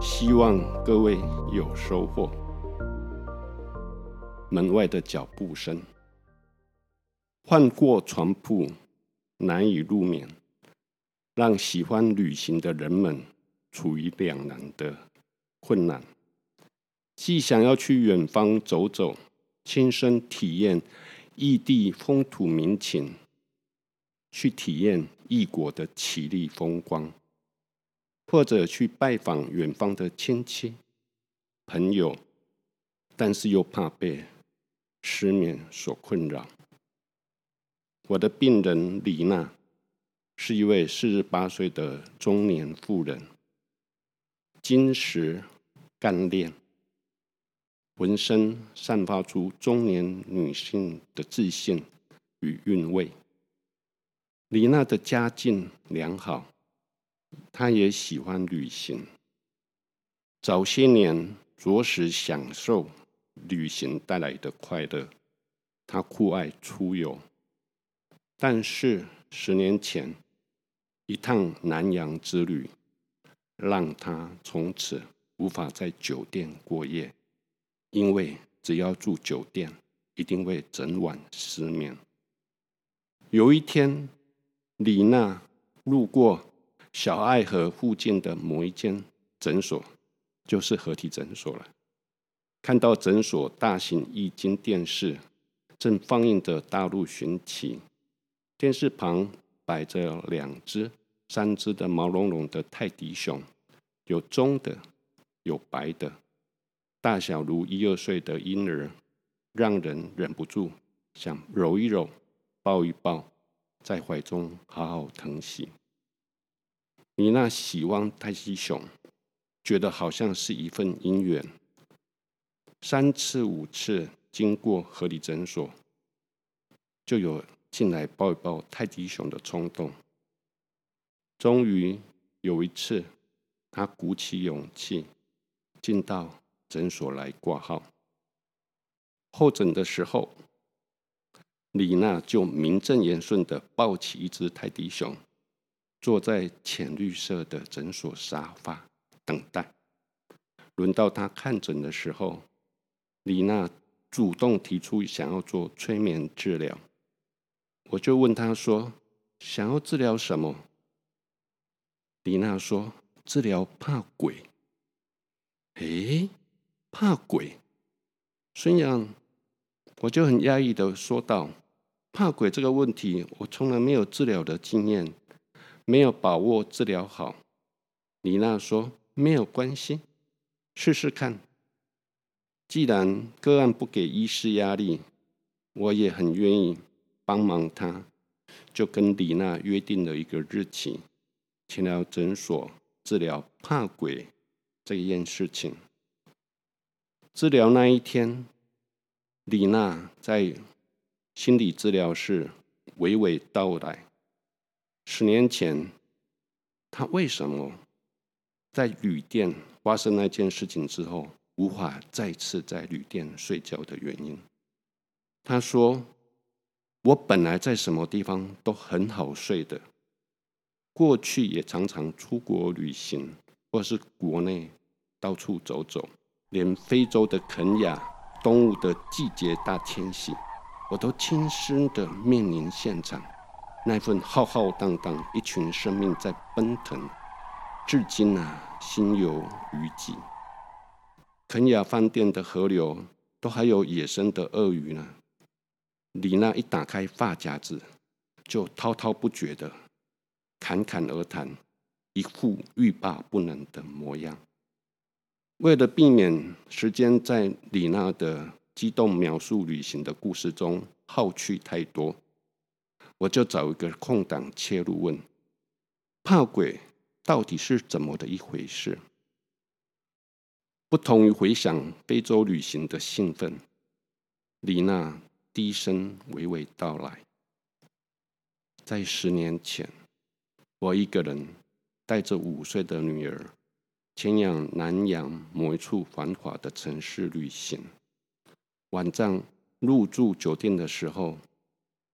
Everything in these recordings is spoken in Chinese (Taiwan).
希望各位有收穫。門外的腳步聲。換過床鋪，難以入眠，讓喜歡旅行的人們處於兩難的困難。既想要去遠方走走，親身體驗異地風土民情，去體驗異國的綺麗風光。或者去拜訪遠方的親戚、朋友，但是又怕被失眠所困擾。我的病人李娜是一位四十八歲的中年婦人，精實幹練，渾身散發出中年女性的自信與韻味。李娜的家境良好。他也喜歡旅行，早些年着實享受旅行帶來的快樂。他酷愛出遊，但是十年前一趟南洋之旅，讓他從此無法在酒店過夜，因為只要住酒店，一定會整晚失眠。有一天，李娜路過。小愛河附近的某一間診所，就是合體診所了。看到診所大型液晶電視正放映着《大陸尋奇》，電視旁擺着兩隻、三隻的毛茸茸的泰迪熊，有棕的，有白的，大小如一、二歲的嬰兒，讓人忍不住想揉一揉、抱一抱，在懷中好好疼惜。李娜喜歡泰迪熊，覺得好像是一份姻緣。三次五次經過河堤診所，就有進來抱一抱泰迪熊的衝動。終於有一次，她鼓起勇氣進到診所來掛號。候診的時候，李娜就名正言順地抱起一隻泰迪熊。坐在淺綠色的診所沙發等待，輪到他看診的時候，李娜主動提出想要做催眠治療，我就問她說：“想要治療什麼？”李娜說：“治療怕鬼。”欸，哎，怕鬼？孫楊，我就很壓抑的說道：“怕鬼這個問題，我從來沒有治療的經驗。”沒有把握治療好，李娜說，沒有關係，試試看。既然個案不給醫師壓力，我也很願意幫忙她，就跟李娜約定了一個日期，去了診所治療怕鬼這一件事情。治療那一天，李娜在心理治療室娓娓道來。十年前，他為什麼在旅店發生那件事情之後無法再次在旅店睡覺的原因？他說：“我本來在什麼地方都很好睡的，過去也常常出國旅行，或是國內到處走走，連非洲的肯雅，動物的季節大遷徙，我都親身的面臨現場。”那份浩浩蕩蕩，一群生命在奔騰，至今啊心有餘悸。肯亞飯店的河流都還有野生的鱷魚呢。李娜一打開發夾子，就滔滔不絕的侃侃而談，一副欲罷不能的模樣。為了避免時間在李娜的激動描述旅行的故事中耗去太多。我就找一個空檔切入問：“怕鬼到底是怎麼的一回事？”不同於回想非洲旅行的興奮，李娜低聲娓娓道來：“在十年前，我一個人帶着五歲的女兒，前往南洋某一處繁華的城市旅行。晚上入住酒店的時候。”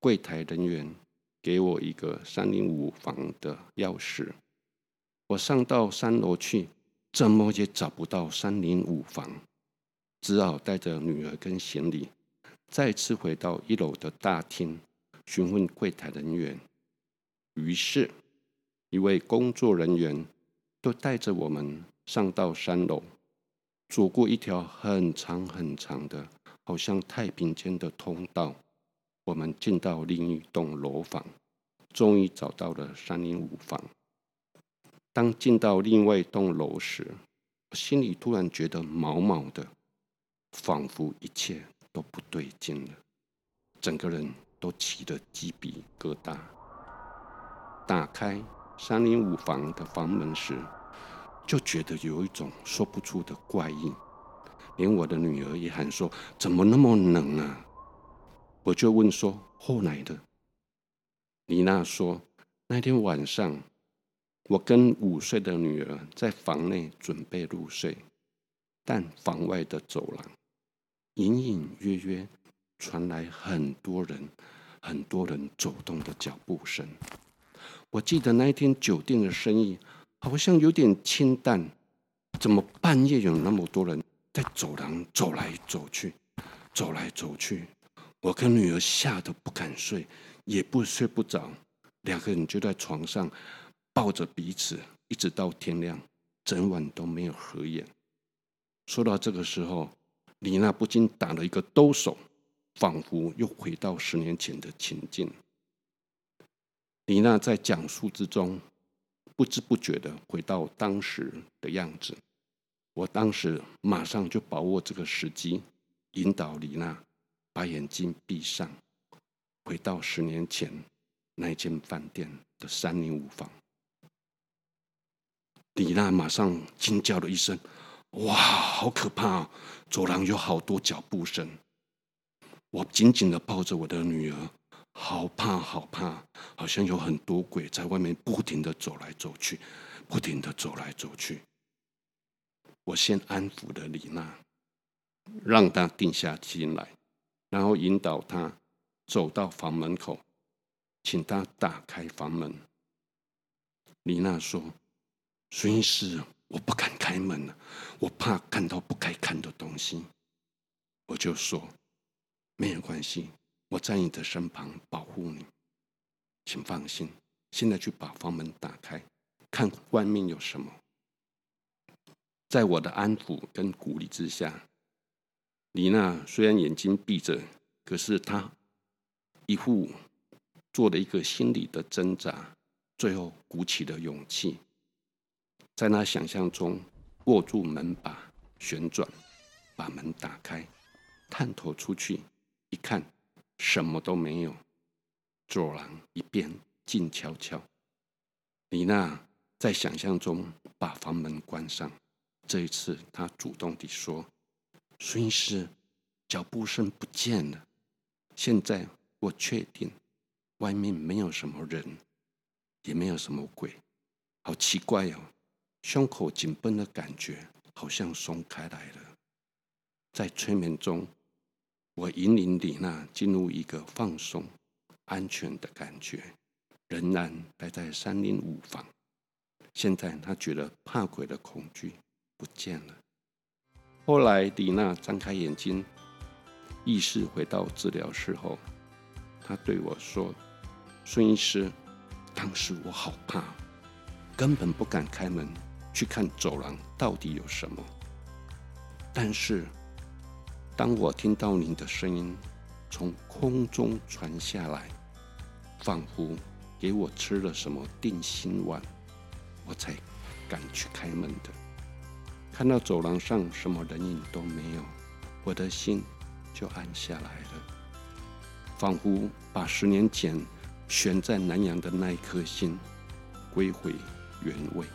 櫃檯人員給我一個三零五房的鑰匙，我上到三樓去，怎麼也找不到三零五房，只好帶着女兒跟行李，再次回到一樓的大廳詢問櫃檯人員。於是，一位工作人員就帶着我們上到三樓，走過一條很長很長的，好像太平間的通道。我們進到另一棟樓房，終於找到了三零五房。當進到另外一棟樓時，我心裡突然覺得毛毛的，仿佛一切都不對勁了，整個人都起了雞皮疙瘩。打開三零五房的房門時，就覺得有一種說不出的怪異，連我的女兒也喊說：“怎麼那麼冷啊？”我就問說：“後來的，李娜說，那天晚上我跟五歲的女兒在房內準備入睡，但房外的走廊隱隱約約傳來很多人、很多人走動的腳步聲。我記得那一天酒店的生意好像有點清淡，怎麼半夜有那麼多人在走廊走來走去，走來走去？”我跟女兒嚇得不敢睡，也不睡不着，兩個人就在床上抱着彼此，一直到天亮，整晚都沒有合眼。說到這個時候，李娜不禁打了一個哆嗦，仿佛又回到十年前的情境。李娜在講述之中，不知不覺的回到當時的樣子。我當時馬上就把握這個時機，引導李娜。把眼睛閉上，回到十年前那間飯店的三零五房，李娜馬上驚叫了一聲：“哇，好可怕哦！走廊有好多腳步聲。”我緊緊的抱着我的女兒，好怕好怕，好像有很多鬼在外面不停的走來走去，不停的走來走去。我先安撫了李娜，讓她定下心來。然後引導他走到房門口，請他打開房門。李娜說：“孫醫師，我不敢開門了，我怕看到不該看的東西。”我就說：“沒有關係，我在你的身旁保護你，請放心。現在去把房門打開，看外面有什麼。”在我的安撫跟鼓勵之下。李娜雖然眼睛閉着，可是她一副做了一個心理的掙扎，最後鼓起了勇氣，在那想象中握住門把旋轉，把門打開，探頭出去一看，什麼都沒有。走廊一邊靜悄悄。李娜在想象中把房門關上，這一次她主動地說。孫醫師，腳步聲不見了。現在我確定，外面沒有什麼人，也沒有什麼鬼。好奇怪哦！胸口緊繃的感覺好像鬆開來了。在催眠中，我引領李娜進入一個放鬆、安全的感覺。仍然待在三零五房。現在她覺得怕鬼的恐懼不見了。後來，李娜張開眼睛，意識回到治療室後，她對我說：“孫醫師，當時我好怕，根本不敢開門去看走廊到底有什麼。但是，當我聽到您的聲音從空中傳下來，仿佛給我吃了什麼定心丸，我才敢去開門的。”看到走廊上什麼人影都沒有，我的心就安下來了，仿佛把十年前懸在南洋的那一顆心歸回原位。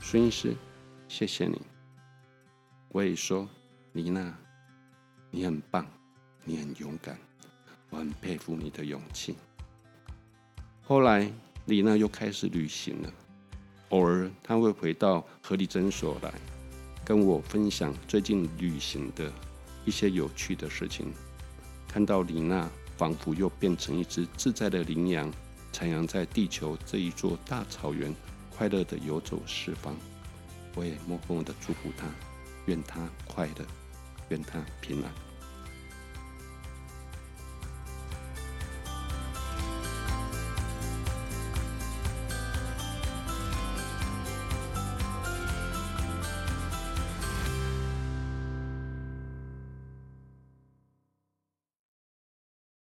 孫醫師，謝謝你。我也說，李娜，你很棒，你很勇敢，我很佩服你的勇氣。後來，李娜又開始旅行了，偶爾她會回到河堤診所來。跟我分享最近旅行的一些有趣的事情，看到李娜仿佛又變成一隻自在的羚羊，徜徉在地球這一座大草原，快樂的游走四方。我也默默的祝福她，願她快樂，願她平安。